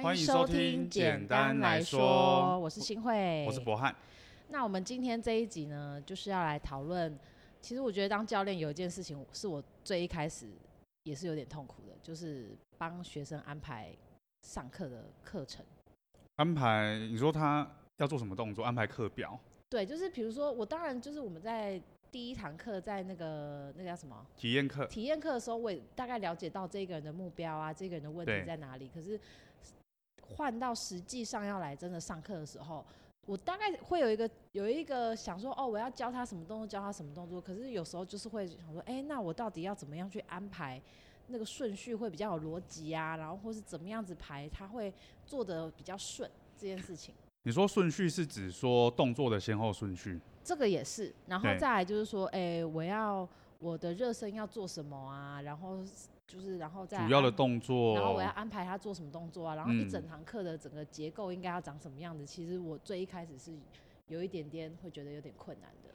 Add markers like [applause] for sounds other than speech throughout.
歡迎收聽簡單來說，簡單來說，我是新慧，我是博翰。那我們今天這一集呢，就是要來討論。其實我覺得當教練有一件事情是我最一開始也是有點痛苦的，就是幫學生安排上課的課程。安排？你說他要做什麼動作？安排課表？對，就是比如說，我當然就是我們在第一堂課，在那個那個叫什麼體驗課？體驗課的時候，我也大概了解到這個人的目標啊，這個人的問題在哪裡。可是。換到實際上要來真的上課的時候，我大概會有一個有一個想說哦，我要教他什麼動作，教他什麼動作。可是有時候就是會想說，哎、欸，那我到底要怎麼樣去安排那個順序會比較有邏輯啊？然後或是怎麼樣子排，他會做得比較順這件事情。你說順序是指說動作的先後順序，這個也是。然後再來就是說，哎、欸，我要我的熱身要做什麼啊？然後。就是，然後在主要的動作，然後我要安排他做什麼動作啊？然後一整堂課的整個結構應該要長什麼樣子、嗯？其實我最一開始是有一點點會覺得有點困難的。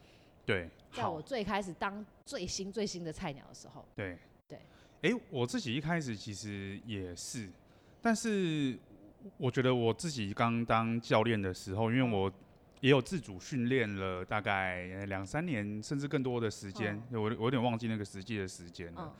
對，在我最開始當最新最新的菜鳥的時候。對對，哎、欸，我自己一開始其實也是，但是我覺得我自己剛當教練的時候，因為我也有自主訓練了大概兩三年，甚至更多的時間，我、嗯、我有點忘記那個實際的時間了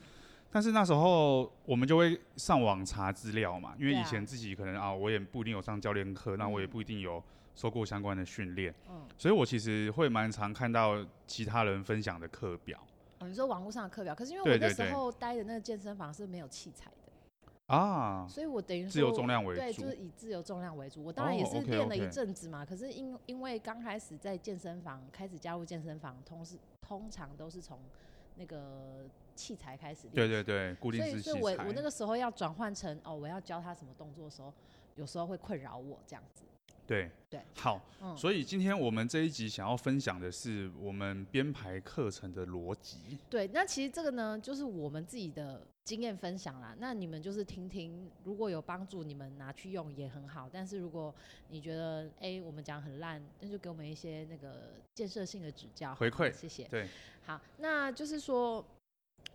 但是那時候我們就會上網查資料嘛，因為以前自己可能啊，啊，我也不一定有上教練課、嗯，那我也不一定有受過相關的訓練，嗯，所以我其實會蠻常看到其他人分享的課表、嗯。哦，你說網絡上的課表，可是因為我那時候待的那個健身房是沒有器材的啊，所以我等於說自由重量為主，對，就是以自由重量為主。哦、我當然也是練了一陣子嘛、哦 okay, okay，可是因因為剛開始在健身房開始加入健身房，通是通常都是從那個。器材開始，對對對，固定式器材。所以是我我那個時候要轉換成，哦，我要教他什麼動作的時候，有時候會困擾我這樣子。對對，好、嗯，所以今天我們這一集想要分享的是我們編排課程的邏輯。對，那其實這個呢，就是我們自己的經驗分享啦。那你們就是聽聽，如果有幫助，你們拿去用也很好。但是如果你覺得哎、欸，我們講很爛，那就給我們一些那個建設性的指教回饋，謝謝。對，好，那就是說。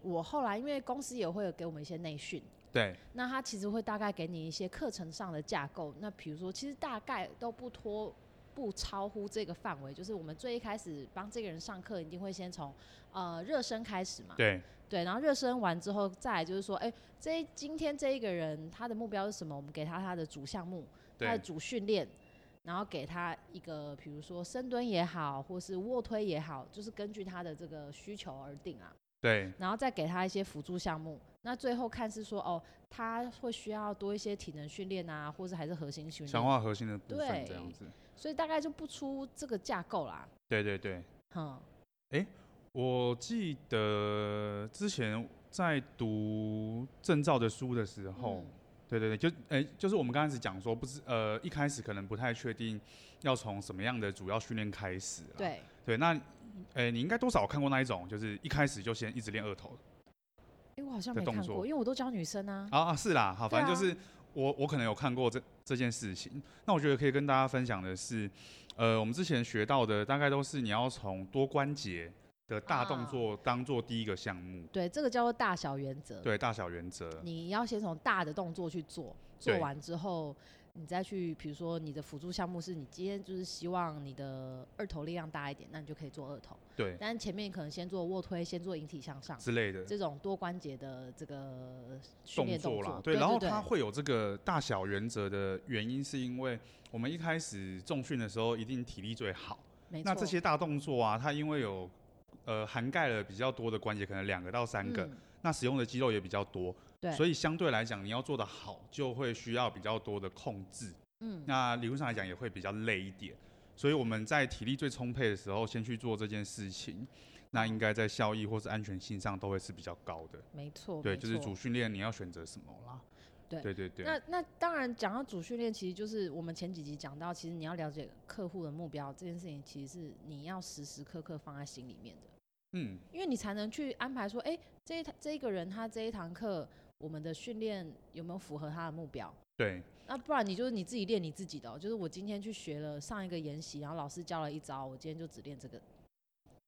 我後來，因為公司也會有給我們一些內訓，對，那他其實會大概給你一些課程上的架構。那比如說，其實大概都不脫不超乎這個範圍，就是我們最一開始幫這個人上課，一定會先從呃熱身開始嘛，對，對，然後熱身完之後，再來就是說，哎、欸，這今天這一個人他的目標是什麼？我們給他他的主項目，他的主訓練，然後給他一個，比如說深蹲也好，或是臥推也好，就是根據他的這個需求而定啊。對，然後再給他一些輔助項目，那最後看是說哦，他會需要多一些體能訓練啊，或是還是核心訓練，強化核心的部分，這樣子，所以大概就不出這個架構啦。對對對，嗯，欸、我記得之前在讀證照的書的時候，嗯、對對對，就哎、欸，就是我們剛開始講說，不是呃，一開始可能不太確定要從什麼樣的主要訓練開始、啊，對，對，那。欸，你應該多少看過那一種，就是一開始就先一直練二頭的的。欸，我好像沒看過，因為我都教女生啊。啊啊，是啦，好，啊，反正就是我我可能有看過這這件事情。那我覺得可以跟大家分享的是，呃，我們之前學到的大概都是你要從多關節的大動作當做第一個項目。啊，對，這個叫做大小原則。對，大小原則，你要先從大的動作去做，做完之後。你再去，比如說你的輔助項目是你今天就是希望你的二頭力量大一點，那你就可以做二頭。對。但前面可能先做臥推，先做引體向上之類的這種多關節的這個訓練動作，動作對，對，對，對，對，然後它會有這個大小原則的原因，是因為我們一開始重訓的時候一定體力最好。沒錯。那這些大動作啊，它因為有呃涵蓋了比較多的關節，可能兩個到三個，嗯、那使用的肌肉也比較多。所以相對來講，你要做得好，就會需要比較多的控制。嗯，那理論上來講，也會比較累一點。所以我們在體力最充沛的時候，先去做這件事情，那應該在效益或是安全性上都會是比較高的。沒錯。對，就是主訓練你要選擇什麼啦。對對對對，對。那那當然，講到主訓練，其實就是我們前幾集講到，其實你要了解客戶的目標這件事情，其實是你要時時刻刻放在心裡面的。嗯。因為你才能去安排說，哎、欸，這一這一，這一個人他這一堂課。我們的訓練有沒有符合他的目標？對，那不然你就是你自己練你自己的、喔，就是我今天去學了上一個研習，然後老師教了一招，我今天就只練這個。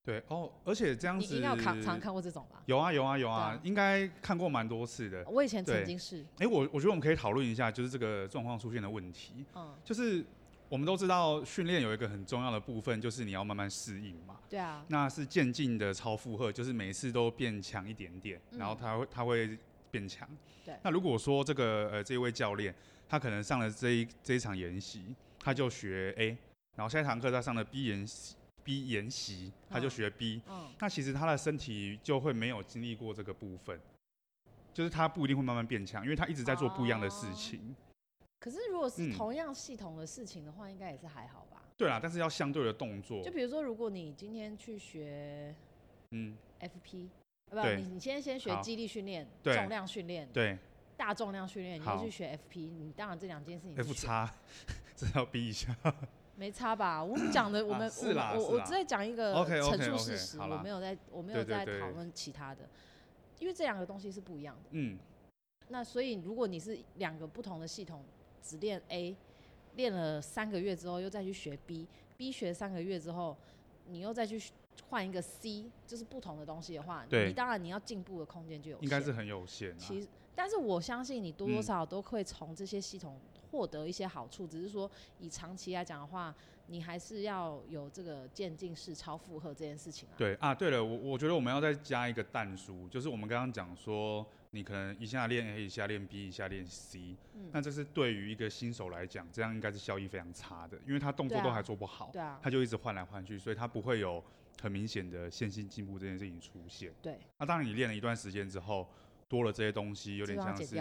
對哦，而且這樣子，你應該常看過這種吧？有啊有啊有啊，有啊啊應該看過蠻多次的。我以前曾經是。哎、欸，我我覺得我們可以討論一下，就是這個狀況出現的問題。嗯，就是我們都知道訓練有一個很重要的部分，就是你要慢慢適應嘛。對啊。那是漸進的超負荷，就是每次都變強一點點，然後他會他會。嗯變強，對。那如果說這個呃，這一位教練他可能上了這一這一場研習，他就學 A，然後下一堂課他上了 B 研習，B 研習他就學 B，、哦、嗯，那其實他的身體就會沒有經歷過這個部分，就是他不一定會慢慢變強，因為他一直在做不一樣的事情、啊。可是如果是同樣系統的事情的話，嗯、應該也是還好吧？對啦，但是要相對的動作。就比如說，如果你今天去學，嗯，FP。不，你你先先學肌力訓練，重量訓練，對，大重量訓練，你要去學 FP，你當然這兩件事情。F 差，這要逼一下。沒差吧？ [coughs] 我，我們講的、啊，我們我我我只在講一個陳、okay, 述、okay, okay, 事實 okay, okay,，我沒有在我沒有在討論其他的，對對對對因為這兩個東西是不一樣的。嗯，那所以如果你是兩個不同的系統，只練 A，練了三個月之後又再去學 B，B 學三個月之後，你又再去。換一個 C，就是不同的東西的話，你當然你要進步的空間就有限，應該是很有限、啊。其實，但是我相信你多多少少都會從這些系統獲得一些好處、嗯，只是說以長期來講的話，你還是要有這個漸進式超負荷這件事情啊。對啊，對了，我我覺得我們要再加一個但書，就是我們剛剛講說，你可能一下練 A，一下練 B，一下練 C，、嗯、那這是對於一個新手來講，這樣應該是效益非常差的，因為他動作都還做不好，對啊，對啊，他就一直換來換去，所以他不會有。很明顯的線性進步這件事情出現。對。那、啊、當然，你練了一段時間之後，多了這些東西，有點像是，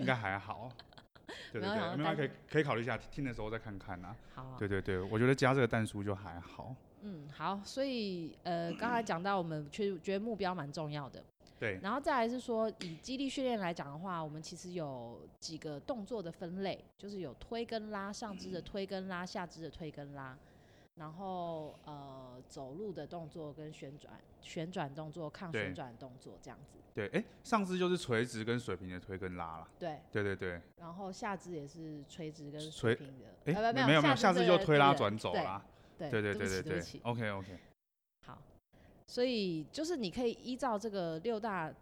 應該還好。 [laughs] 對對對，沒有沒有可以可以考慮一下？聽的時候再看看吶、啊。好、啊。對對對，我覺得加這個彈數就還好。嗯，好。所以呃，剛才講到我們確實覺得目標蠻重要的。對。然後再來是說，以肌力訓練來講的話，我們其實有幾個動作的分類，就是有推跟拉，上肢的推跟拉，下肢的推跟拉。然後呃，走路的動作跟旋轉、旋轉動作、抗旋轉動作這樣子。對，哎，上肢就是垂直跟水平的推跟拉啦。對，對對對。然後下肢也是垂直跟水平的。哎，沒有沒有沒有，下肢就推拉轉走啦。對對對，對對對對，對，對，對，對。OK OK。好，所以就是你可以依照這個六大。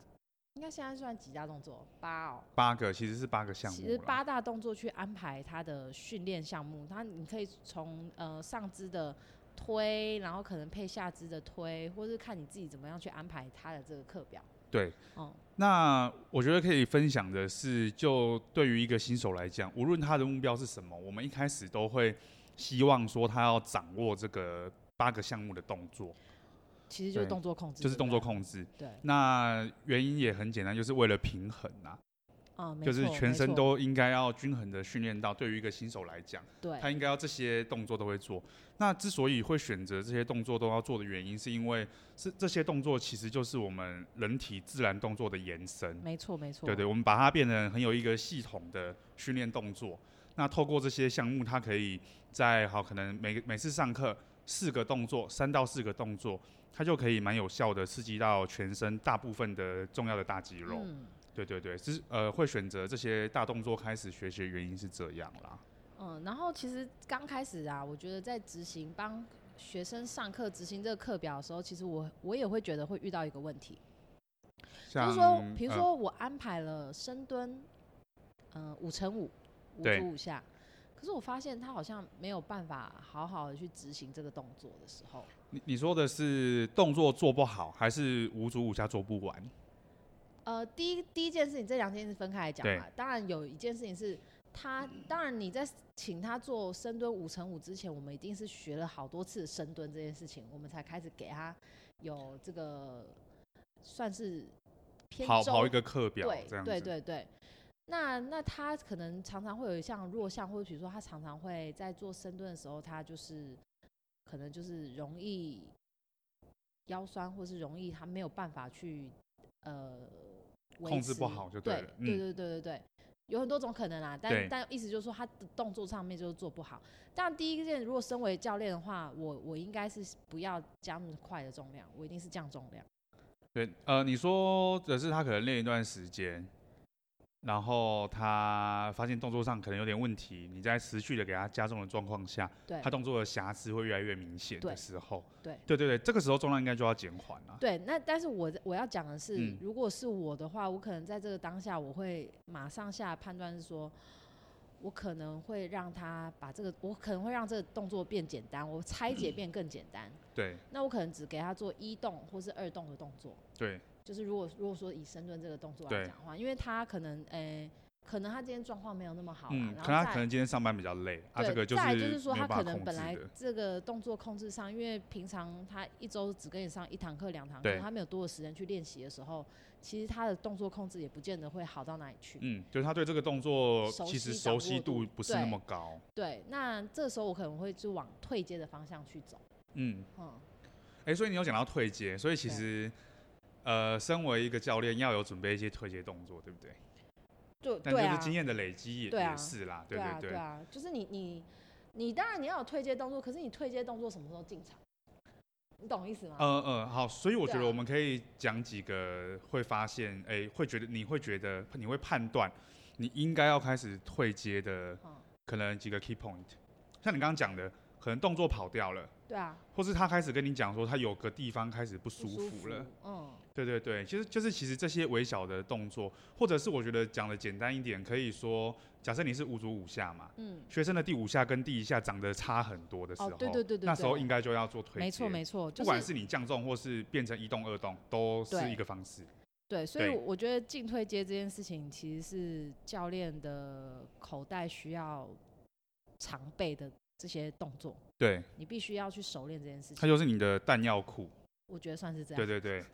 應該現在算幾大動作？八哦，喔，八個其實是八個項目。其實八大動作去安排他的訓練項目，他你可以從呃上肢的推，然後可能配下肢的推，或是看你自己怎麼樣去安排他的這個課表。對，嗯，那我覺得可以分享的是，就對於一個新手來講，無論他的目標是什麼，我們一開始都會希望說他要掌握這個八個項目的動作。其實就是動作控制，就是動作控制。對。那原因也很簡單，就是為了平衡吶、啊。啊，沒錯，沒錯。就是全身都應該要均衡的訓練到。對於一個新手來講，對。他應該要這些動作都會做。那之所以會選擇這些動作都要做的原因，是因為是這些動作其實就是我們人體自然動作的延伸。沒錯，沒錯。對，對對，我們把它變成很有一個系統的訓練動作。那透過這些項目，它可以在好，可能每每次上課四個動作，三到四個動作。它就可以蠻有效的刺激到全身大部分的重要的大肌肉。嗯，對對對，是呃會選擇這些大動作開始學習的原因是這樣啦。嗯，然後其實剛開始啊，我覺得在執行幫學生上課執行這個課表的時候，其實我我也會覺得會遇到一個問題，就是說，比如說我安排了深蹲，嗯、呃，五乘五，五組五下。可是我發現他好像沒有辦法好好的去執行這個動作的時候。你你說的是動作做不好，還是五組五下做不完？呃，第一第一件事情，這兩件事情分開來講啊。當然有一件事情是他，他、嗯、當然你在請他做深蹲五乘五之前，我們一定是學了好多次深蹲這件事情，我們才開始給他有這個算是偏跑跑一個課表這樣子。對對對對。那那他可能常常會有一項弱項，或者比如說他常常會在做深蹲的時候，他就是可能就是容易腰痠，或者是容易他沒有辦法去呃控制不好就對對對對對對、嗯、有很多種可能啊，但但意思就是說他的動作上面就是做不好。但第一件，如果身為教練的話，我我應該是不要加那麼快的重量，我一定是降重量。對，呃，你說的是他可能練一段時間。然後他發現動作上可能有點問題，你在持續的給他加重的狀況下對，他動作的瑕疵會越來越明顯的時候，對對，對對對，這個時候重量應該就要減緩了。對，那但是我我要講的是、嗯，如果是我的話，我可能在這個當下，我會馬上下判斷是說，我可能會讓他把這個，我可能會讓這個動作變簡單，我拆解變更簡單。嗯、對，那我可能只給他做一動或是二動的動作。對。就是如果如果說以深蹲這個動作來講的話，因為他可能誒、欸，可能他今天狀況沒有那麼好，啊，嗯然後，可能他可能今天上班比較累，他、啊、這個就是沒辦法控制。再就是說他可能本來這個動作控制上，因為平常他一周只跟你上一堂課、兩堂課，他沒有多的時間去練習的時候，其實他的動作控制也不見得會好到哪裡去。嗯，就是他對這個動作其實熟悉度不是那麼高。對，對那這個時候我可能會就往退階的方向去走。嗯，哦、嗯，哎、欸，所以你有講到退階，所以其實。呃，身為一個教練，要有準備一些退階動作，對不對？就但就是經驗的累積也對、啊、也是啦，對、啊、對對，對，對，啊對啊，就是你你你當然你要有退階動作，可是你退階動作什麼時候進場，你懂意思嗎？嗯嗯。好，所以我覺得我們可以講幾個，會發現，哎、啊欸，會覺得你會覺得你會判斷你應該要開始退階的可能幾個 key point，像你剛剛講的，可能動作跑掉了，對啊，或是他開始跟你講說他有個地方開始不舒服了，服嗯。對對對，其實就是，就是其實這些微小的動作，或者是我覺得講的簡單一點，可以說，假設你是五組五下嘛，嗯，學生的第五下跟第一下長得差很多的時候，哦、對對對對對，那時候應該就要做退。沒錯沒錯、就是，不管是你降重或是變成一動二動，都是一個方式。對，對對所以我覺得進退階這件事情其實是教練的口袋需要常備的這些動作。對，你必須要去熟練這件事情。它就是你的彈藥庫。我覺得算是這樣。對對對。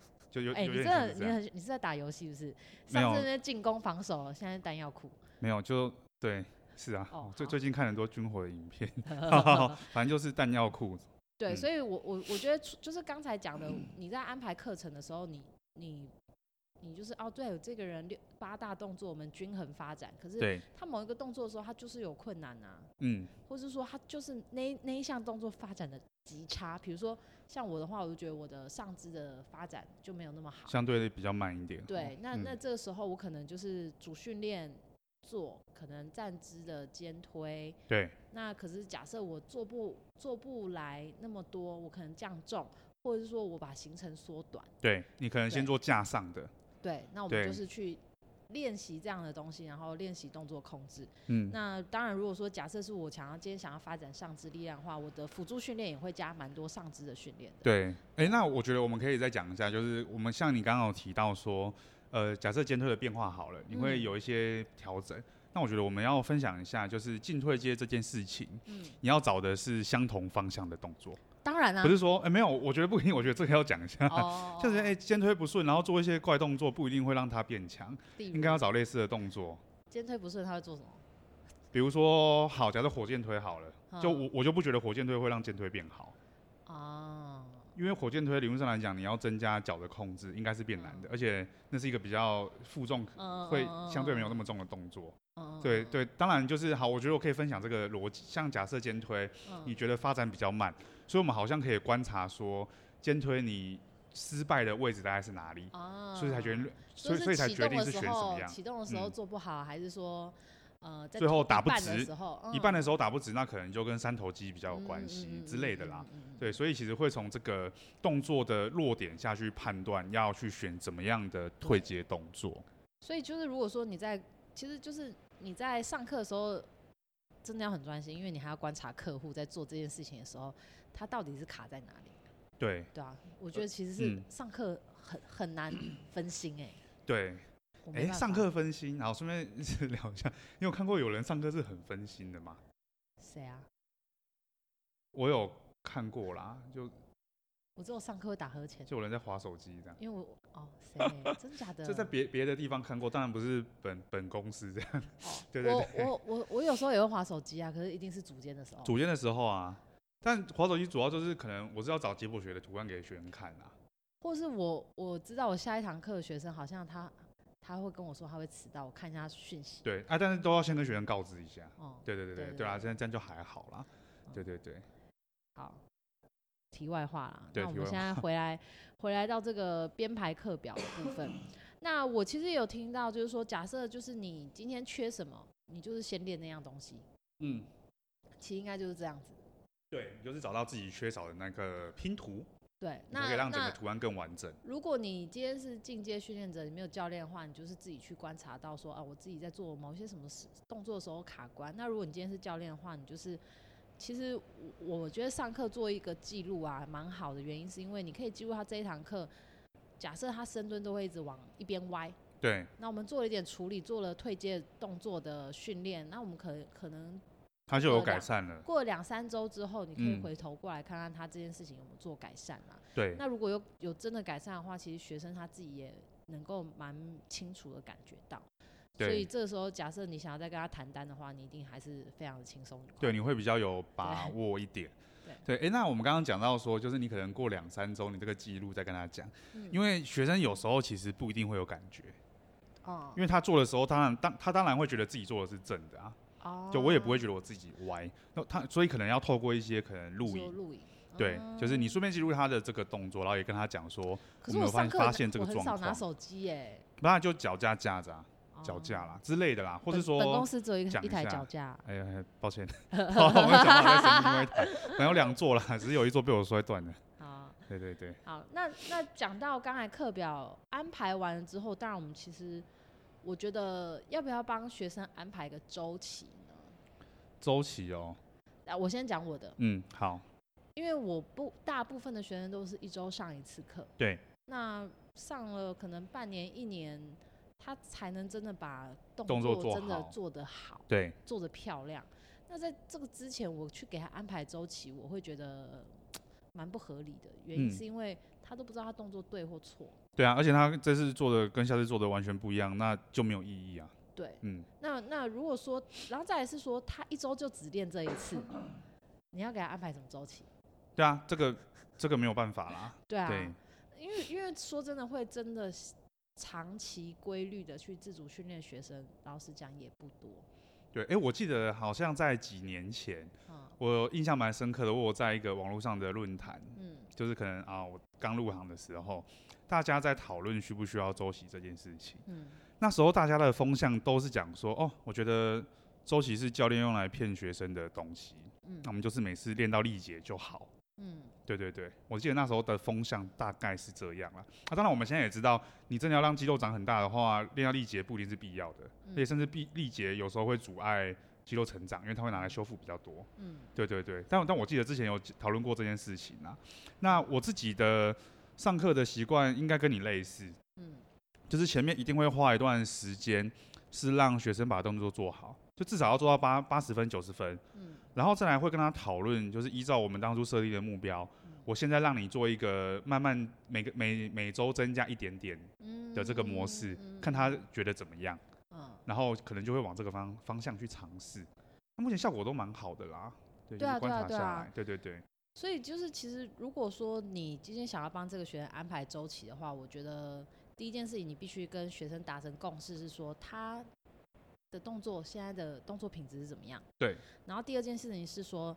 就哎、欸，你真、這、的、個、你很你是在打遊戲是不是？上次在進攻防守，現在彈藥庫。沒有，就對，是啊。哦。最最近看很多軍火的影片， [laughs] [laughs] [laughs] 反正就是彈藥庫。對，嗯、所以我，我我我覺得就是剛才講的，你在安排課程的時候，你、嗯，你你你就是哦，對，有這個人六八大動作我們均衡發展，可是他某一個動作的時候，他就是有困難吶、啊。嗯。或是說他就是那那一項動作發展的。極差，比如說像我的話，我就覺得我的上肢的發展就沒有那麼好，相對的比較慢一點。對，那、嗯、那這個時候我可能就是主訓練做，可能站姿的肩推。對。那可是假設我做不做不來那麼多，我可能降重，或者是說我把行程縮短。對，你可能先做架上的。對，對，那我們就是去。練習這樣的東西，然後練習動作控制。嗯，那當然，如果說假設是我想要今天想要發展上肢力量的話，我的輔助訓練也會加蠻多上肢的訓練的。對，哎、欸，那我覺得我們可以再講一下，就是我們像你剛剛有提到說，呃，假設肩推的變化好了，你會有一些調整、嗯。那我覺得我們要分享一下，就是進退階這件事情，嗯，你要找的是相同方向的動作。當然啦、啊，不是說哎、欸、沒有，我覺得不一定，我覺得這個要講一下，就、oh、是哎、欸、肩推不順，然後做一些怪動作，不一定會讓他變強，應該要找類似的動作。肩推不順，他會做什麼？比如說，好，假設火箭推好了，huh? 就我我就不覺得火箭推會讓肩推變好。啊、uh...。因為火箭推理論上來講，你要增加腳的控制，應該是變難的，嗯、而且那是一個比較負重，嗯嗯嗯嗯嗯，會相對沒有那麼重的動作。嗯嗯嗯嗯嗯對對，當然就是好，我覺得我可以分享這個邏輯。像假設肩推，嗯嗯你覺得發展比較慢，所以我們好像可以觀察說，肩推你失敗的位置大概是哪裡？所以才決定，所以所以才決定是選什麼樣？啟動的時候做不好，還是說？呃，最後打不直、嗯，一半的時候打不直，那可能就跟三頭肌比較有關係之類的啦、嗯嗯嗯嗯嗯嗯。對，所以其實會從這個動作的弱點下去判斷，要去選怎麼樣的退階動作。所以就是，如果說你在，其實就是你在上課的時候，真的要很專心，因為你還要觀察客戶在做這件事情的時候，他到底是卡在哪裡。對，對啊，我覺得其實是上課很、呃嗯、很難分心哎、欸。對。哎、欸，上課分心，然後順便一直聊一下，你有看過有人上課是很分心的嗎？誰啊？我有看過啦，就我知道上課會打呵欠，就有人在划手機這樣。因為我哦，誰？ [laughs] 真假的？就在別別的地方看過，當然不是本本公司這樣。哦、對對對，我我我，我有時候也會划手機啊，可是一定是組間的時候。組間的時候啊，但划手機主要就是可能我是要找解剖學的圖案給學生看啊，或是我我知道我下一堂課的學生好像他。他會跟我說他會遲到，我看一下訊息。對啊，但是都要先跟學生告知一下。哦、嗯，對對對對對啊，這樣這樣就還好啦、嗯。對對對，好。題外話啦，對，那我們現在回來，回來到這個編排課表的部分。 [coughs] 那我其實有聽到，就是說，假設就是你今天缺什麼，你就是先練那樣東西。嗯，其實應該就是這樣子。對，就是找到自己缺少的那個拼圖。對，那你可以讓整個圖案更完整。如果你今天是進階訓練者，你沒有教練的話，你就是自己去觀察到說啊，我自己在做某些什麼事動作的時候卡關。那如果你今天是教練的話，你就是，其實我覺得上課做一個記錄啊，蠻好的。原因是因為你可以記錄他這一堂課，假設他深蹲都會一直往一邊歪，對，那我們做了一點處理，做了退階動作的訓練，那我們可可能。他就有改善了。嗯、過了兩三周之後，你可以回頭過來看看他這件事情有沒有做改善啊？對。那如果有有真的改善的話，其實學生他自己也能夠蠻清楚的感覺到。對。所以這個時候，假設你想要再跟他談單的話，你一定還是非常的輕鬆。對，你會比較有把握一點。對。哎、欸，那我們剛剛講到說，就是你可能過兩三周，你這個記錄再跟他講、嗯，因為學生有時候其實不一定會有感覺。哦、嗯。因為他做的時候，當然當他當然會覺得自己做的是正的啊。Oh, 就我也不會覺得我自己歪，那他所以可能要透過一些可能錄影，錄影，對，嗯、就是你順便記錄他的這個動作，然後也跟他講說。可是我上課，我發，發現這個狀況，我很少拿手機、欸、不然就腳架架著啊，腳、oh. 架啦之類的啦，或者說本，本公司只有一個一台腳架哎。哎呀，抱歉，我們講到這，我們有兩座了，只是有一座被我摔斷了。Oh. 對對對。好，那那講到剛才課表 [laughs] 安排完了之後，當然我們其實。我覺得要不要幫學生安排一個週期呢？週期哦，啊，我先講我的。嗯，好。因為我不大部分的學生都是一週上一次課。對。那上了可能半年、一年，他才能真的把動作真的做得好，好對，做得漂亮。那在這個之前，我去給他安排週期，我會覺得蠻不合理的。原因是因為他都不知道他動作對或錯。嗯對啊，而且他這次做的跟下次做的完全不一樣，那就沒有意義啊。對，嗯，那那如果說，然後再來是說他一周就只練這一次， [coughs] 你要給他安排什麼周期？對啊，這個這個沒有辦法啦。 [coughs] 對啊，對，因為因為說真的，會真的長期規律的去自主訓練學生，老實講也不多。對，哎、欸，我記得好像在幾年前，嗯、我印象蠻深刻的，我我在一個網絡上的論壇，嗯。就是可能啊，我剛入行的時候，大家在討論需不需要週期這件事情。嗯，那時候大家的風向都是講說，哦，我覺得週期是教練用來騙學生的東西。嗯，那我們就是每次練到力竭就好。嗯，對對對，我記得那時候的風向大概是這樣啦。啊，當然我們現在也知道，你真的要讓肌肉長很大的話，練到力竭不一定是必要的，嗯、而且甚至畢力竭有時候會阻礙肌肉成長，因為他會拿來修復比較多。嗯，對對對，但但我記得之前有討論過這件事情啊。那我自己的上課的習慣應該跟你類似。嗯，就是前面一定會花一段時間，是讓學生把動作做好，就至少要做到八八十分、九十分。嗯，然後再來會跟他討論，就是依照我們當初設立的目標，嗯，我現在讓你做一個慢慢每個每每周增加一點點的這個模式，嗯嗯嗯嗯，看他覺得怎麼樣。然後可能就會往這個方方向去嘗試，那目前效果都蠻好的啦。對，對啊，對啊，觀察下來，對啊，對啊，對對對。所以就是，其實如果說你今天想要幫這個學生安排週期的話，我覺得第一件事情你必須跟學生達成共識，是說他的動作現在的動作品質是怎麼樣。對。然後第二件事情是說，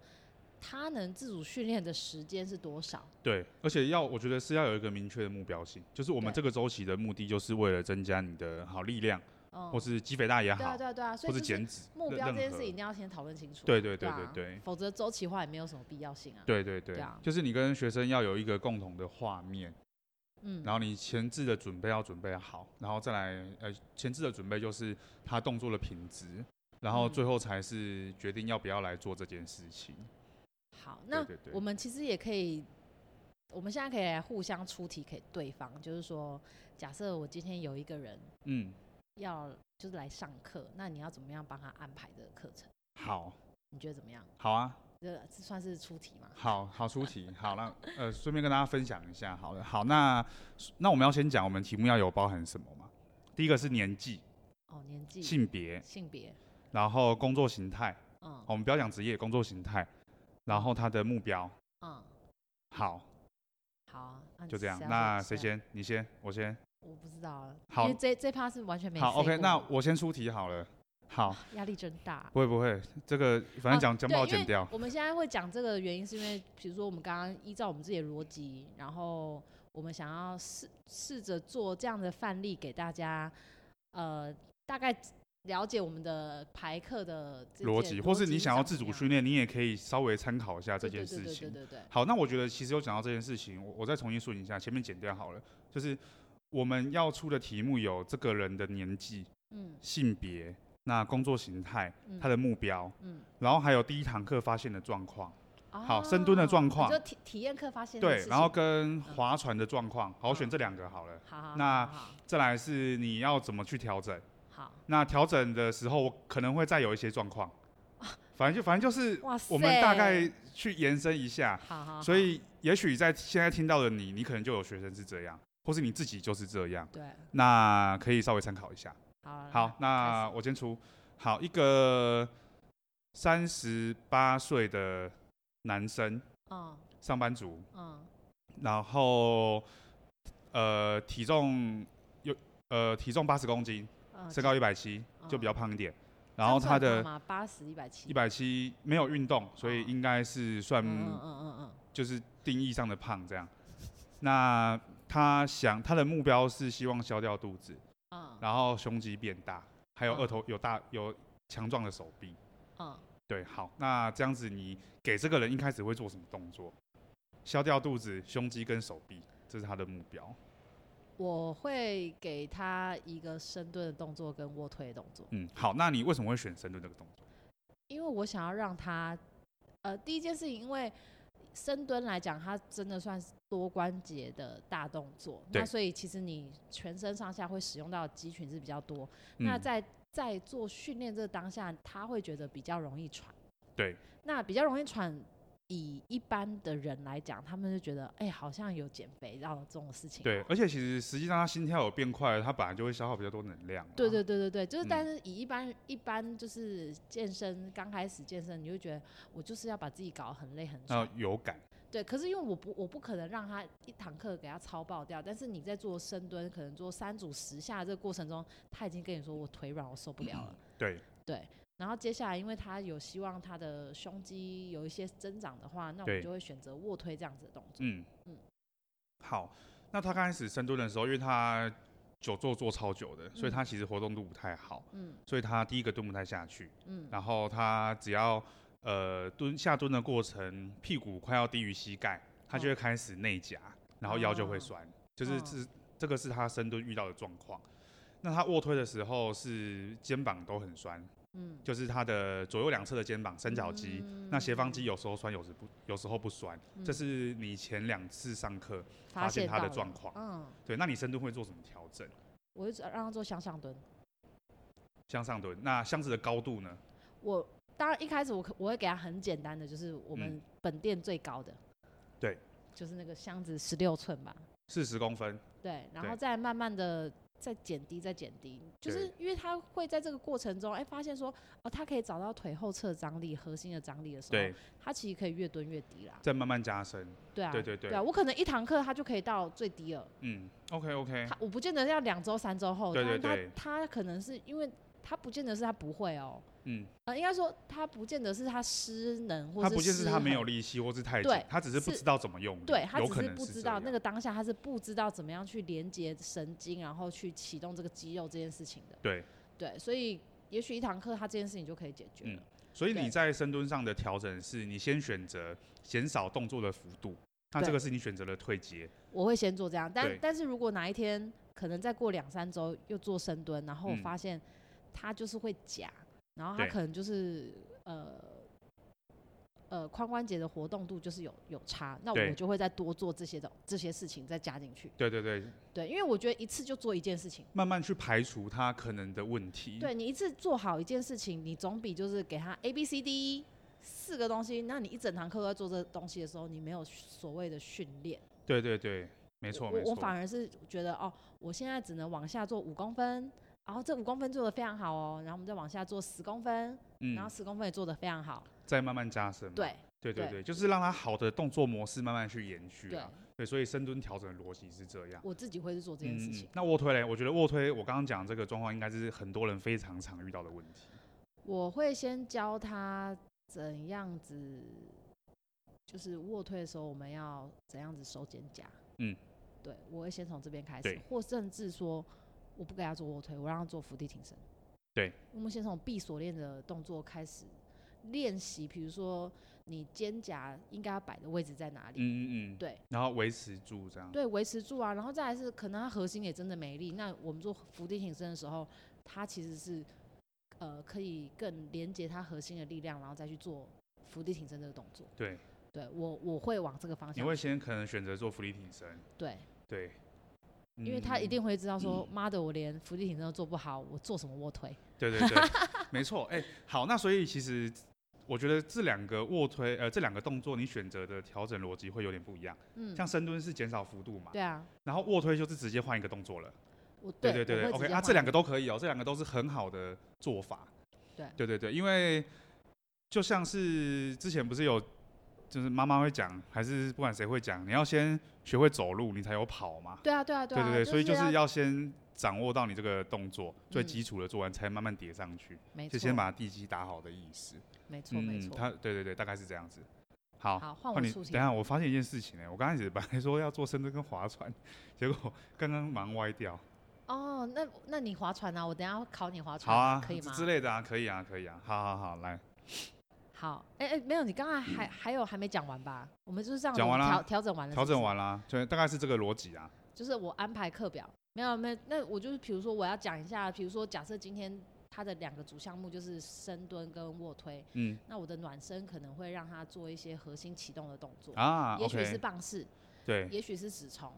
他能自主訓練的時間是多少？對。而且要，我覺得是要有一個明確的目標性，就是我們這個週期的目的就是為了增加你的好力量。嗯、或是肌肥大也好，對啊對啊對啊，所以減脂目標這件事一定要先討論清楚、啊。對對對對對,對，否則周期化也沒有什麼必要性啊。對對對,對，啊嗯、就是你跟學生要有一個共同的畫面，然後你前置的準備要準備好，然後再來呃前置的準備就是他動作的品質，然後最後才是決定要不要來做這件事情。好、嗯，那我們其實也可以，我們現在可以來互相出題給對方，就是說假設我今天有一個人，嗯。要就是來上課，那你要怎麼樣幫他安排的課程？好，你覺得怎麼樣？好啊，這算是出題嘛？好好出題，好了， [laughs] 呃，順便跟大家分享一下。好的，好，那那我們要先講我們題目要有包含什麼嘛？哦、第一個是年紀，哦，年紀，性別，性別，然後工作形態，嗯，我們不要講職業，工作形態、嗯，然後他的目標，嗯，好，好，就這樣，啊、那誰先？你先，我先。我不知道了好，因為這這趴是完全沒好。OK，那我先出題好了。好，壓力真大、啊。不會不會，這個反正講講、啊、不好，剪掉。我們現在會講這個原因，是因為比如說我們剛剛依照我們自己的邏輯，然後我們想要試試着做這樣的範例給大家，呃，大概了解我們的排課的邏輯，或是你想要自主訓練，你也可以稍微參考一下這件事情。對對對,對對對對對。好，那我覺得其實有講到這件事情，我我再重新梳理一下，前面剪掉好了，就是。我們要出的題目有這個人的年紀、嗯、性別、那工作型態、嗯、他的目標、嗯、然後還有第一堂課發現的狀況、啊，好，深蹲的狀況，就體體驗課發現的狀況，對，然後跟划船的狀況、嗯，好，我選這兩個好了，哦、那好好好，再來是你要怎麼去調整，好，那調整的時候我可能會再有一些狀況、啊，反正就反正就是我們大概去延伸一下，好好好，所以也許在現在聽到的你，你可能就有學生是這樣。或是你自己就是這樣，對，那可以稍微參考一下。好，好，那我先出。好，一個三十八歲的男生，嗯，上班族，嗯、然後呃體重有呃體重八十公斤，嗯、身高一百七，就比較胖一點。嗯、然後他的一百七，沒有運動、嗯，所以應該是算嗯，嗯嗯嗯，就是定義上的胖這樣。那他想他的目標是希望消掉肚子，嗯，然後胸肌變大，還有二頭有大、嗯、有強壯的手臂，嗯，對，好，那這樣子你給這個人一開始會做什麼動作？消掉肚子、胸肌跟手臂，這是他的目標。我會給他一個深蹲的動作跟臥推的動作。嗯，好，那你為什麼會選深蹲這個動作？因為我想要讓他，呃，第一件事情因為。深蹲來講，它真的算是多關節的大動作，那所以其實你全身上下會使用到的肌群是比較多。嗯、那在在做訓練這個當下，他會覺得比較容易喘。對，那比較容易喘。以一般的人來講，他們就覺得，哎、欸，好像有減肥，然後這種事情、啊。對，而且其實實際上他心跳有變快，他本來就會消耗比較多能量。對對對對對，就是，但是以一般、嗯、一般就是健身剛開始健身，你就覺得我就是要把自己搞得很累很。要、哦、有感。對，可是因為我不我不可能讓他一堂課給他操爆掉，但是你在做深蹲，可能做三組十下的這個過程中，他已經跟你說我腿軟，我受不了了。對、嗯、對。對然後接下來，因為他有希望他的胸肌有一些增長的話，那我們就會選擇臥推這樣子的動作。嗯嗯，好。那他剛開始深蹲的時候，因為他久坐坐超久的、嗯，所以他其實活動度不太好。嗯，所以他第一個蹲不太下去。嗯，然後他只要呃蹲下蹲的過程，屁股快要低於膝蓋、哦，他就會開始內夾，然後腰就會痠。哦、就是這、哦、這個是他深蹲遇到的狀況。那他臥推的時候是肩膀都很痠。嗯，就是他的左右兩側的肩膀、三角肌、嗯，那斜方肌有時候酸，有時不，有時候不酸。嗯、這是你前兩次上課發現他的狀況。嗯，對，那你深蹲會做什麼調整？我會讓他做向上蹲。向上蹲，那箱子的高度呢？我當然一開始我我會給他很簡單的，就是我們本店最高的，對、嗯，就是那個箱子十六寸吧，四十公分。對，然後再慢慢的。再減低，再減低，就是因為他會在這個過程中，哎、欸，發現說，哦，他可以找到腿後側張力、核心的張力的時候，他其實可以越蹲越低啦。再慢慢加深。對啊，對對，對，對啊，我可能一堂課他就可以到最低了。嗯，OK OK。他我不見得要兩週、三週後，對對對，他他可能是因為。他不見得是他不會哦，嗯，呃，應該說他不見得是他失能或失他不見得是他沒有力氣或是太重，他只是不知道怎麼用，對，他只是，是不知道那個當下他是不知道怎麼樣去連接神經，然後去啟動這個肌肉這件事情的，對，對，所以也許一堂課他這件事情就可以解決了，嗯。所以你在深蹲上的調整是你先選擇減少動作的幅度，那這個是你選擇了退階，我會先做這樣，但但是如果哪一天可能再過兩三週又做深蹲，然後發現，嗯。他就是會夾，然後他可能就是呃呃髖關節的活動度就是有有差，那我們就會再多做這些種這些事情再加進去。對對對對，因為我覺得一次就做一件事情，慢慢去排除他可能的問題。對，你一次做好一件事情，你總比就是給他 A B C D 四個東西，那你一整堂課在做這東西的時候，你沒有所謂的訓練。對對對，沒錯，我我反而是覺得哦，我現在只能往下做五公分。然、哦、後這五公分做得非常好哦，然後我們再往下做十公分，嗯，然後十公分也做得非常好，再慢慢加深，對，對對對，嗯，就是讓他好的動作模式慢慢去延續，啊，對，對所以深蹲調整的邏輯是這樣。我自己會是做這件事情。嗯、那臥推呢？我覺得臥推，我剛剛講這個狀況應該是很多人非常常遇到的問題。我會先教他怎樣子，就是臥推的時候我們要怎樣子收肩胛，嗯，對我會先從這邊開始，或甚至說。我不給他做臥推，我讓他做伏地挺身。對，我們先從閉鎖鏈的動作開始練習，比如說你肩胛應該要擺的位置在哪裡？嗯嗯，嗯對。然後維持住這樣。對，維持住啊，然後再來是可能他核心也真的沒力，那我們做伏地挺身的時候，他其實是呃可以更連接他核心的力量，然後再去做伏地挺身這個動作。對，對我我會往這個方向。你會先可能選擇做伏地挺身。對。對。因為他一定會知道說，媽、嗯、的，我連伏地挺都做不好，嗯、我做什麼臥推？對對對， [laughs] 沒錯。哎、欸，好，那所以其實我覺得這兩個臥推，呃，這兩個動作你選擇的調整邏輯會有點不一樣。嗯、像深蹲是減少幅度嘛？對啊。然後臥推就是直接換一個動作了。我對，對對對，OK，那、啊啊、這兩個都可以哦，這兩個都是很好的做法。對對對對，因為就像是之前不是有，就是媽媽會講，還是不管誰會講，你要先。學會走路，你才有跑嘛。對啊，對啊，對啊。對對、對、就是、所以就是要、要先掌握到你這個動作最基礎的，做完、嗯、才慢慢疊上去。沒錯。就先把地基打好的意思。沒錯、嗯、沒錯。他，對對對，大概是這樣子。好。好，換你。等一下，我發現一件事情呢、欸、嗯，我剛開始本來說要做深蹲跟划船，結果剛剛忙歪掉。哦，那那你划船啊？我等一下考你划船、啊。好啊，可以嗎？之類的啊，可以啊，可以啊。好、啊，好、好，好，來。好，哎、欸、哎、欸，沒有，你剛剛還還有還沒講完吧？嗯、我們就是這樣調調整完了是是，調整完啦，就大概是這個邏輯啊。就是我安排課表，沒有沒有，那我就是比如說我要講一下，比如說假設今天他的兩個主項目就是深蹲跟臥推，嗯，那我的暖身可能會讓他做一些核心啟動的動作啊，也許是棒式，對，也許是死蟲。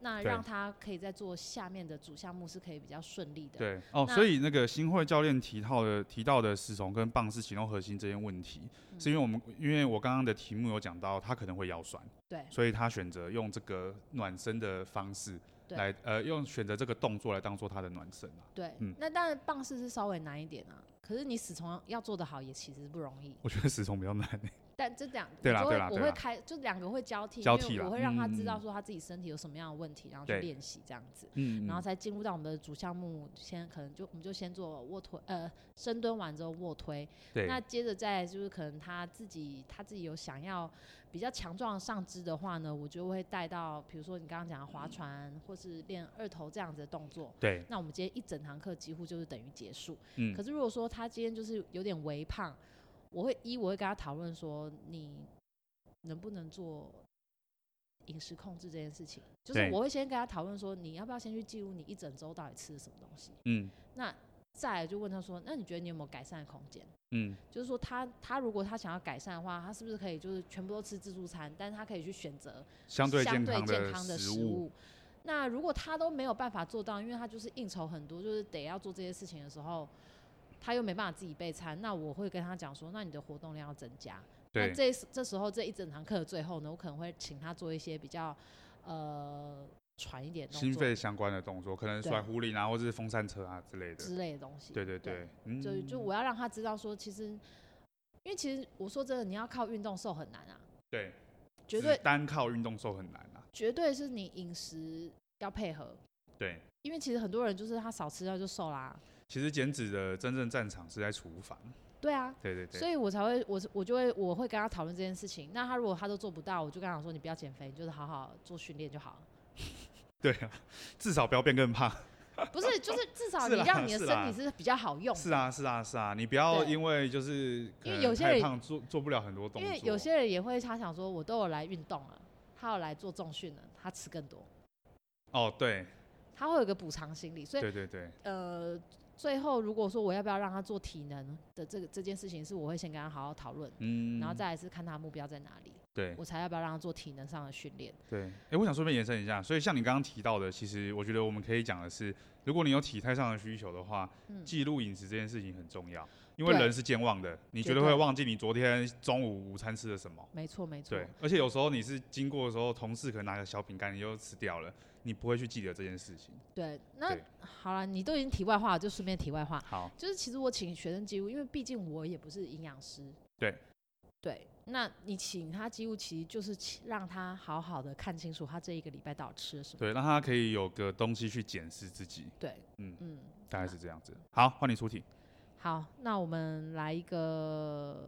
那讓他可以在做下面的主項目是可以比較順利的。對哦，所以那個星慧教練提到的提到的死蟲跟棒式啟動核心這件問題、嗯，是因為我們因為我剛剛的題目有講到他可能會腰痠，對，所以他選擇用這個暖身的方式來呃用選擇這個動作來當做他的暖身對，嗯，那當然棒式是稍微難一點啊。可是你死蟲要做得好，也其實不容易。我覺得死蟲比較難。但這兩，對啦，你就會，對啦，對啦，我會開就兩個會交替交替啦，因為我會讓他知道說他自己身體有什麼樣的問題，然後去練習這樣子，然後才進入到我們的主項目。先可能就我們就先做深蹲，呃，深蹲完之後臥推，那接着再就是可能他自己他自己有想要。比較強壯上肢的話呢，我就會帶到，比如說你剛剛講的划船，嗯、或是練二頭這樣子的動作。對。那我們今天一整堂課幾乎就是等於結束，嗯。可是如果說他今天就是有點微胖，我會一我會跟他討論說，你能不能做飲食控制這件事情？就是我會先跟他討論說，你要不要先去記錄你一整週到底吃了什麼東西？嗯。那。再就問他說，那你覺得你有沒有改善的空間？嗯，就是說他他如果他想要改善的話，他是不是可以就是全部都吃自助餐，但是他可以去選擇相對相對健康的食物。那如果他都沒有辦法做到，因為他就是應酬很多，就是得要做這些事情的時候，他又沒辦法自己備餐，那我會跟他講說，那你的活動量要增加。對。那這這時候這一整堂課的最後呢，我可能會請他做一些比較呃。喘一點心肺相關的動作，可能甩壺鈴啊，或者是風扇車啊之類的。之類的東西。對對對。對嗯、就就我要讓他知道說，其實，因為其實我說真的，你要靠運動瘦很難啊。對。絕對。單靠運動瘦很難啊。絕對是你飲食要配合。對。因為其實很多人就是他少吃掉就瘦啦。其實減脂的真正戰場是在廚房。對啊。對對對。所以我才會，我我就會，我會跟他討論這件事情。那他如果他都做不到，我就跟他講說，你不要減肥，就是好好做訓練就好了。對，至少不要變更胖。不是，就是至少你讓你的身體是比較好用的。是啊，是啊，是啊，是啊，你不要因為就是因為有些人胖做做不了很多動作。因為有些人也會，他想說，我都有來運動了，他有來做重訓了，他吃更多。哦，對。他會有一個補償心理，所以對對對，呃。最後，如果說我要不要讓他做體能的這個這件事情，是我會先跟他好好討論，嗯，然後再來是看他的目標在哪裡，對，我才要不要讓他做體能上的訓練。對，哎、欸，我想順便延伸一下，所以像你剛剛提到的，其實我覺得我們可以講的是，如果你有體態上的需求的話，記錄飲食這件事情很重要，嗯，因為人是健忘的，你絕對會忘記你昨天中午午餐吃了什麼。沒錯，沒錯。對，而且有時候你是經過的時候，同事可能拿個小餅乾，你又吃掉了。你不會去記得這件事情。對，那對好了，你都已經題外話了，就順便題外話。好，就是其實我請學生記錄，因為畢竟我也不是營養師。對，對，那你請他記錄，其實就是讓他好好的看清楚他這一個禮拜到底吃了什麼。對，讓他可以有個東西去檢視自己。對，嗯嗯，嗯，大概是這樣子。啊、好，換你出題。好，那我們來一個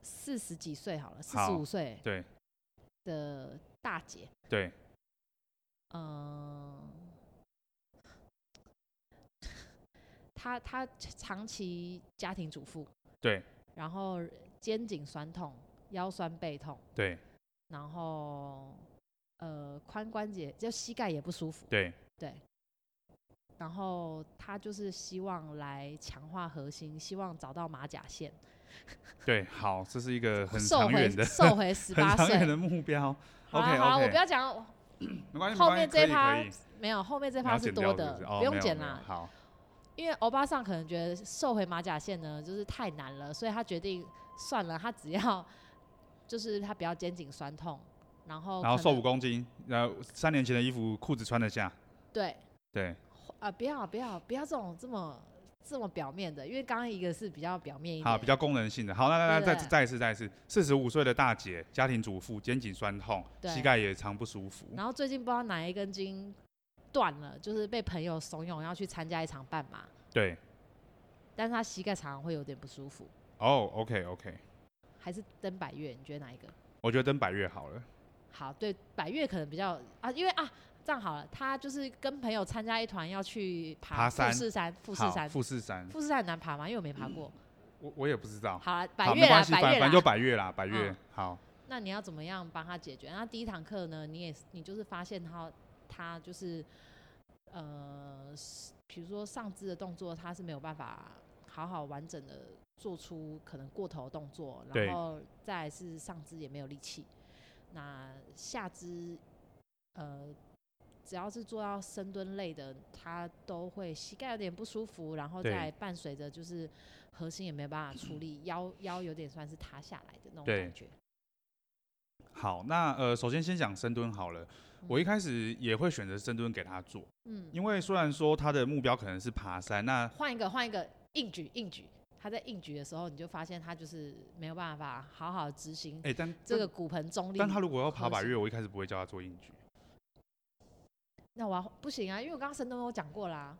四十幾歲，好了，四十五歲對的大姐。對。嗯、呃，他他長期家庭主婦，對，然後肩頸痠痛、腰酸背痛，對，然後呃髖關節就膝蓋也不舒服，對對，然後他就是希望來強化核心，希望找到馬甲線，對，好，這是一個很長遠的，瘦回十八歲 [laughs] 很長遠的目標。OK, okay. 好，好，我不要講。沒關後面這趴沒有，後面這趴是多的，是不，是哦、不用剪啦。因為歐巴桑可能覺得瘦回馬甲線呢，就是太難了，所以他決定算了，他只要就是他比要肩頸酸痛，然後然後瘦五公斤，然後三年前的衣服褲子穿得下。對對，啊不要不要不要這種這麼。這麼表面的，因為剛剛一個是比較表面一點的，好，比較功能性的。好，那那再再一次再一次，四十五歲的大姐，家庭主婦，肩頸痠痛，膝蓋也常不舒服。然後最近不知道哪一根筋斷了，就是被朋友慫恿要去參加一場半馬。對，但是她膝蓋常常會有點不舒服。哦，oh，OK OK，還是登百岳，你覺得哪一個？我覺得登百岳好了。好，對，百岳可能比較啊，因為啊。這樣好了，他就是跟朋友參加一團要去爬,爬山富士山。富士山，富士山，富士山很難爬嗎？因為我沒爬過。嗯、我我也不知道。好了，百岳啦，百岳就百岳啦，啊、百岳。好。那你要怎麼樣幫他解決？那第一堂課呢，你也你就是發現他，他就是呃，比如說上肢的動作他是沒有辦法好好完整的做出可能過頭的動作，然後再是上肢也沒有力氣。那下肢呃。只要是做到深蹲類的，他都會膝蓋有點不舒服，然後再伴隨着就是核心也沒有辦法處理，腰腰有點算是塌下來的那種感覺。對。好，那呃，首先先講深蹲好了、嗯。我一開始也會選擇深蹲給他做，嗯，因為雖然說他的目標可能是爬山，那換一個換一個硬舉硬舉，他在硬舉的時候，你就發現他就是沒有辦法好好執行、欸，哎，但這個骨盆中立但。但他如果要爬百岳，我一開始不會叫他做硬舉。那我要、啊、不行啊，因為我剛剛深蹲我講過啦、啊。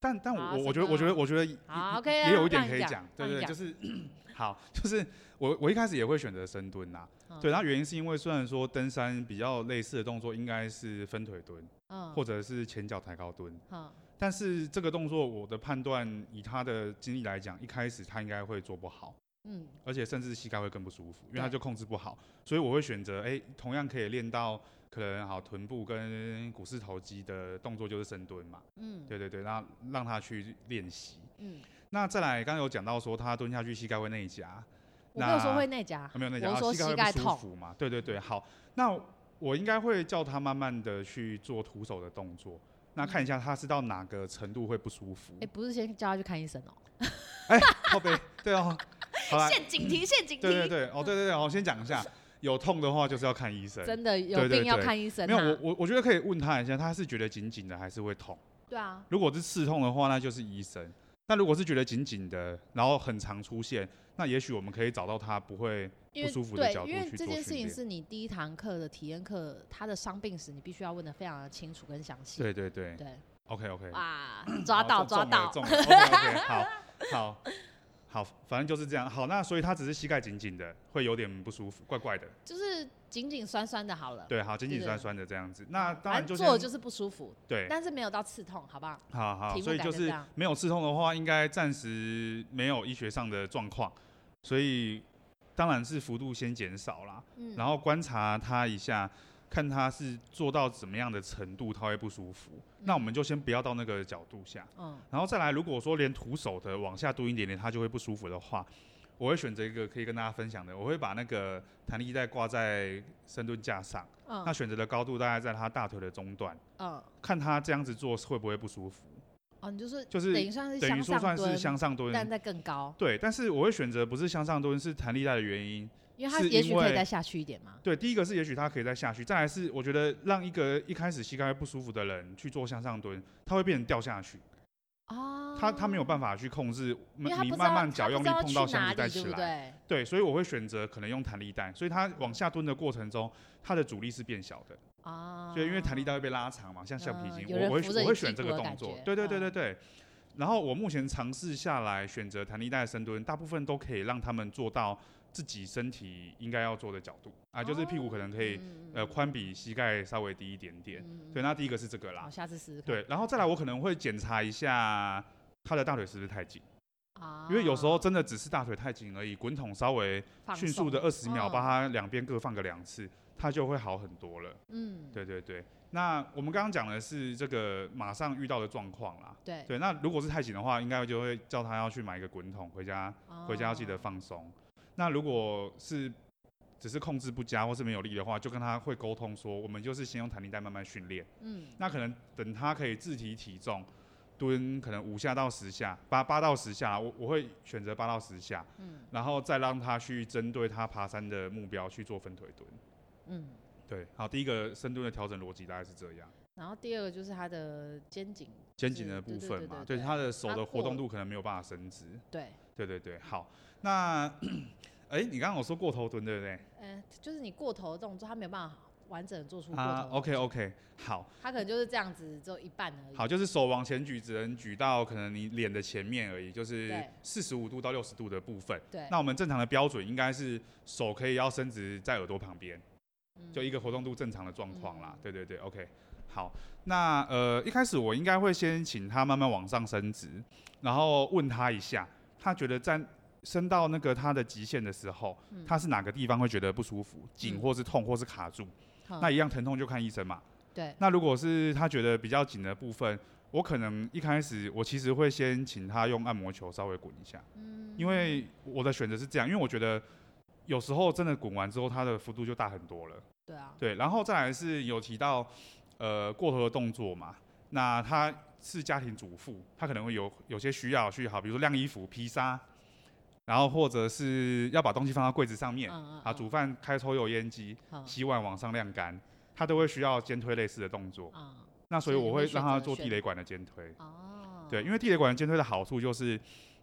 但但我、oh, 我覺得我覺得我覺得、oh, okay. 也有一點可以講，對對，對，就是 [coughs] 好，就是我我一開始也會選擇深蹲啦、嗯。對，那原因是因為雖然說登山比較類似的動作應該是分腿蹲，嗯、或者是前腳抬高蹲、嗯，但是這個動作我的判斷以他的經歷來講，一開始他應該會做不好、嗯，而且甚至膝蓋會更不舒服，因為他就控制不好，所以我會選擇哎、欸，同樣可以練到。可能好，臀部跟股四頭肌的動作就是深蹲嘛。嗯，對對對，那讓他去練習、嗯。那再來，剛剛有講到說他蹲下去膝蓋會內夾。我沒有說會內夾，那那沒有內夾，我說膝蓋不舒服嘛。對對對，好，那我，我應該會叫他慢慢的去做徒手的動作、嗯，那看一下他是到哪個程度會不舒服。哎、欸，不是先叫他去看醫生哦。哎、欸， [laughs] 後背。對哦。陷阱題，陷阱題、嗯。對對對， [laughs] 哦對對對，我、哦、先講一下。有痛的話，就是要看醫生。真的有病要看醫生啊。對對對。沒有，我我我覺得可以問他一下，他是覺得緊緊的還是會痛。對啊。如果是刺痛的話，那就是醫生。那如果是覺得緊緊的，然後很常出現，那也許我們可以找到他不會不舒服的角度去做訓練。因為，對。因為這件事情是你第一堂課的體驗課，他的傷病史你必須要問得非常的清楚跟詳細。對對對。對。OK OK。哇，抓到抓到。好、 [laughs] okay, okay, 好。好好，反正就是這樣。好，那所以它只是膝蓋緊緊的，會有點不舒服，怪怪的。就是緊緊痠痠的，好了。對，好，緊緊痠痠的這樣子。對對對，那當然就是、啊、做的就是不舒服，對。但是沒有到刺痛，好不好？好好，所以就是沒有刺痛的話，應該暫時沒有醫學上的狀況，所以當然是幅度先減少啦、嗯、然後觀察它一下。看他是做到怎麼樣的程度，他會不舒服。嗯。那我們就先不要到那個角度下。嗯。然後再來，如果說連徒手的往下蹲一點點，他就會不舒服的話，我會選擇一個可以跟大家分享的。我會把那個彈力帶掛在深蹲架上。嗯。那選擇的高度大概在他大腿的中段。嗯。看他這樣子做會不會不舒服？哦，你就是就是等於算是等於說算是向上蹲，但再更高。對，但是我會選擇不是向上蹲，是彈力帶的原因。因為他也許可以再下去一點嘛。對，第一個是也許他可以再下去，再來是我覺得讓一個一開始膝蓋不舒服的人去做向上蹲，他會變成掉下去。啊、他他沒有辦法去控制，你慢慢腳用力碰到，箱子再起來對不對？對，所以我會選擇可能用彈力帶，所以他往下蹲的過程中，它的阻力是變小的。啊、所以因為彈力帶會被拉長嘛，像橡皮筋。啊、我，我會選我會選這個動作。對對對對對、啊。然後我目前嘗試下來選擇彈力帶深蹲，大部分都可以讓他們做到自己身體應該要做的角度啊，就是屁股可能可以呃寬比膝蓋稍微低一點點，對，那第一個是這個啦。下次試試看。對，然後再來我可能會檢查一下他的大腿是不是太緊啊，因為有時候真的只是大腿太緊而已，滾筒稍微迅速的二十秒，把他兩邊各放個兩次，他就會好很多了。嗯，對對對。那我們剛剛講的是這個馬上遇到的狀況啦。對對，那如果是太緊的話，應該就會叫他要去買一個滾筒回家，回家要記得放鬆。那如果是只是控制不佳或是沒有力的話，就跟他會溝通說，我們就是先用彈力帶慢慢訓練。嗯。那可能等他可以自體體重，蹲可能五下到十下，八八到十下，我我會選擇八到十下。嗯。然後再讓他去針對他爬山的目標去做分腿蹲。嗯，對。好，第一個深蹲的調整邏輯大概是這樣。然後第二個就是他的肩頸。肩頸的部分嘛，對，對，對，對，對，就是他的手的活動度可能沒有辦法伸直。對。對對對，好。那，哎，你剛剛我說過頭蹲，對不對？嗯、欸，就是你過頭的動作，他沒有辦法完整的做出過頭的動作。啊，OK OK，好。他可能就是這樣子，就一半而已。好，就是手往前舉，只能舉到可能你臉的前面而已，就是四十五度到六十度的部分。對。那我們正常的標準應該是手可以要伸直在耳朵旁邊、嗯，就一個活動度正常的狀況啦、嗯。對對對，OK。好，那呃一開始我應該會先請他慢慢往上伸直，然後問他一下。他覺得在伸到那個他的極限的時候，他是哪個地方會覺得不舒服、緊或是痛或是卡住，那一樣疼痛就看醫生嘛。對，那如果是他覺得比較緊的部分，我可能一開始我其實會先請他用按摩球稍微滾一下，因為我的選擇是這樣，因為我覺得有時候真的滾完之後，他的幅度就大很多了。對啊，對，然後再來是有提到呃過頭的動作嘛，那他。是家庭主婦，她可能會有有些需要去好，比如說晾衣服、披薩，然後或者是要把東西放到櫃子上面啊，煮、嗯、飯、嗯、開抽油煙機、嗯、洗碗、往上晾乾，她、嗯、都會需要肩推類似的動作。嗯、那所以我會讓她做地雷管的肩推。嗯嗯、對，因為地雷管的肩推的好處就是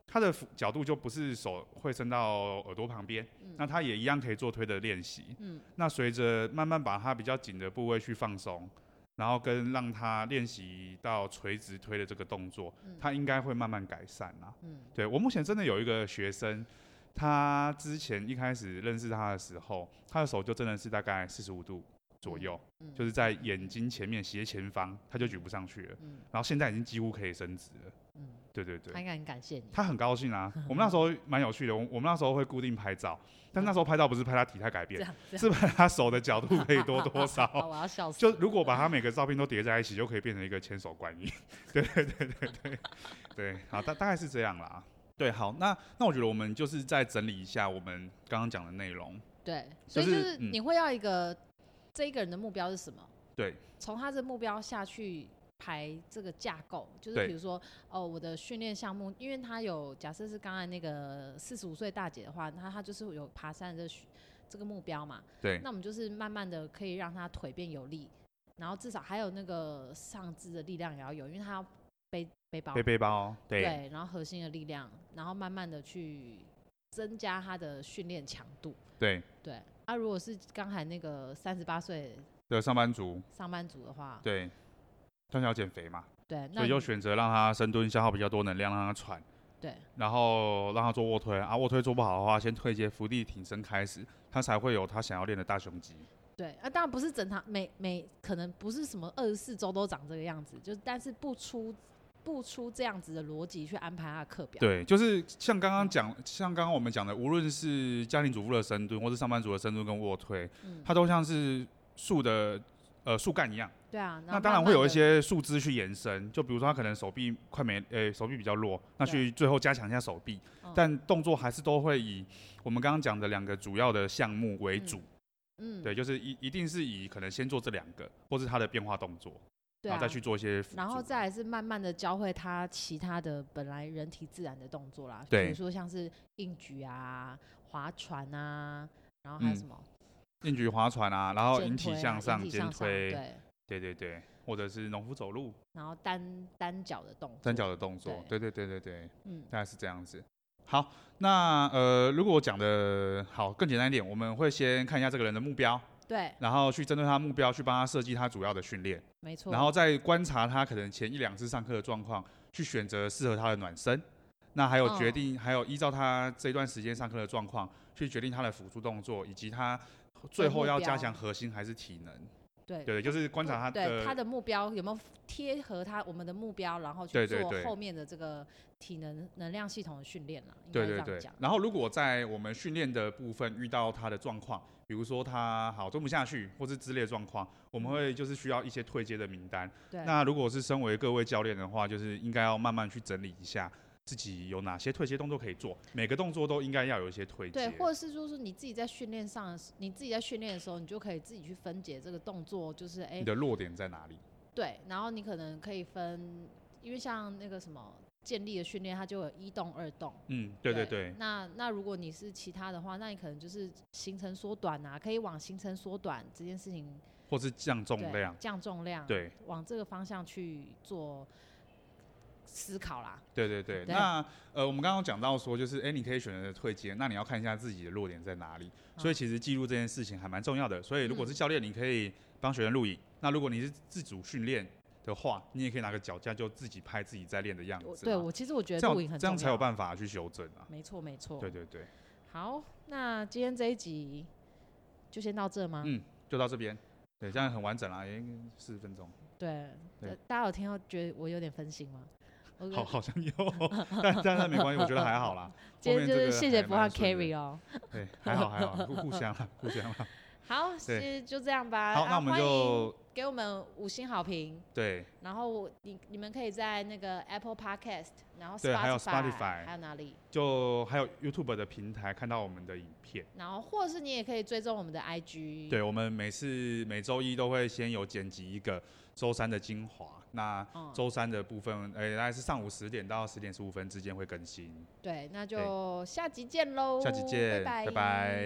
它的角度就不是手會伸到耳朵旁邊，那他也一樣可以做推的練習、嗯。那隨着慢慢把他比較緊的部位去放鬆。然後跟讓他練習到垂直推的這個動作，他應該會慢慢改善啦。嗯，對，我目前真的有一個學生，他之前一開始認識他的時候，他的手就真的是大概四十五度。左右、嗯，就是在眼睛前面斜前方，嗯、他就舉不上去了、嗯，然後現在已經幾乎可以伸直了，嗯，對對對，他應該很感謝你，他很高興啊。 [laughs] 我們那時候蠻有趣的，我我們那時候會固定拍照，但那時候拍照不是拍他體態改變，嗯、是拍他手的角度可以多多少。我、嗯嗯嗯、就如果把他每個照片都疊在一起、嗯，就可以變成一個千手觀音、嗯，對對對對對對，好，大大概是這樣啦。對，好，那那我覺得我們就是再整理一下我們剛剛講的內容。對、就是，所以就是你會要一個。這一個人的目標是什麼？對，從他的目標下去排這個架構，就是比如說，哦，我的訓練項目，因為他有假設是剛才那個四十五歲大姐的話，那他就是有爬山的這個、這個、目標嘛。對，那我們就是慢慢的可以讓他腿變有力，然後至少還有那個上肢的力量也要有，因為他要背背包，背背包，哦，對，對，然後核心的力量，然後慢慢的去增加他的訓練強度。對，對。啊，如果是剛才那個三十八歲的上班族，上班族的話，對，他想要減肥嘛，對，那所以就選擇讓他深蹲消耗比較多能量，讓他喘，對，然後讓他做臥推啊，臥推做不好的話，先推一些伏地挺身開始，他才會有他想要練的大胸肌。對，啊，當然不是整場每每可能不是什麼二十四周都長這個樣子，就但是不出。不出這樣子的邏輯去安排他的課表，對，就是像剛剛講，像剛剛我們講的，無論是家庭主婦的深蹲，或是上班族的深蹲跟臥推，嗯，它都像是樹的呃樹幹一樣，對啊，慢慢，那當然會有一些樹枝去延伸，就比如說他可能手臂快沒、欸，手臂比較弱，那去最後加強一下手臂，但動作還是都會以我們剛剛講的兩個主要的項目為主，嗯，嗯，對，就是一一定是以可能先做這兩個，或是它的變化動作。啊、然後再去做一些輔助，然後再來是慢慢的教會他其他的本來人體自然的動作啦，比如說像是硬舉啊、划船啊，然後還有什麼？嗯、硬舉、划船啊，然後引體向上、向上肩推、肩推，對對對，對對對，或者是農夫走路，然後單單腳的動作，單腳的動作，對對對對對，對，對、嗯，大概是這樣子。好，那呃，如果我講的好更簡單一點，我們會先看一下這個人的目標。對，然後去針對他目標去幫他設計他主要的訓練，沒錯。然後再觀察他可能前一兩次上課的狀況，去選擇適合他的暖身。那還有決定，嗯、還有依照他這段時間上課的狀況，去決定他的輔助動作，以及他最後要加強核心還是體能。對，對就是觀察他的。對，對，對他的目標有沒有貼合他我們的目標，然後去做後面的這個體能能量系統的訓練了。對對對。然後如果在我們訓練的部分遇到他的狀況。比如說他好蹲不下去，或是之類的狀況，我們會就是需要一些退階的名單，對。那如果是身為各位教練的話，就是應該要慢慢去整理一下自己有哪些退階動作可以做，每個動作都應該要有一些退階。對，或者是就是你自己在訓練上的你自己在訓練的時候，你就可以自己去分解這個動作，就是你的弱點在哪裡？對，然後你可能可以分，因為像那個什麼。建立的訓練，它就有一動二動。嗯，對對對。對，那那如果你是其他的話，那你可能就是行程縮短啊，可以往行程縮短這件事情。或是降重量。降重量。對。往這個方向去做思考啦。對對對，對，對。那呃，我們剛剛講到說，就是欸，你可以選擇的退階，那你要看一下自己的弱點在哪裡。所以其實記錄這件事情還蠻重要的。所以如果是教練，你可以幫學員錄影，嗯。那如果你是自主訓練。的話，你也可以拿個腳架，就自己拍自己在練的樣子。對我，其實我覺得錄影很重要。這樣才有辦法去修正啊。沒錯，沒錯。對對對。好，那今天這一集就先到這嗎？嗯，就到這邊。對，這樣很完整啦，應該四十分鐘。對。大家有聽到覺得我有點分心嗎？Okay. 好，好像有，但但那沒關係，我覺得還好啦。 [laughs] 今天就是謝謝不漢 carry 哦。 [laughs] 對，還好還好，互相了，互相了。好，是，就這樣吧。好，啊、那我們就。給我們五星好評。對。然後你你們可以在那個 Apple Podcast，然後 Spotify，對，還有 Spotify，還有哪裡？就還有 YouTube 的平台看到我們的影片。然後，或者是你也可以追蹤我們的 IG。對，我們每次每周一都會先有剪輯一個周三的精華。那周三的部分，哎、嗯欸，大概是上午十點到十點十五分之間會更新。對，那就下集見嘍。下集見，拜拜。拜拜。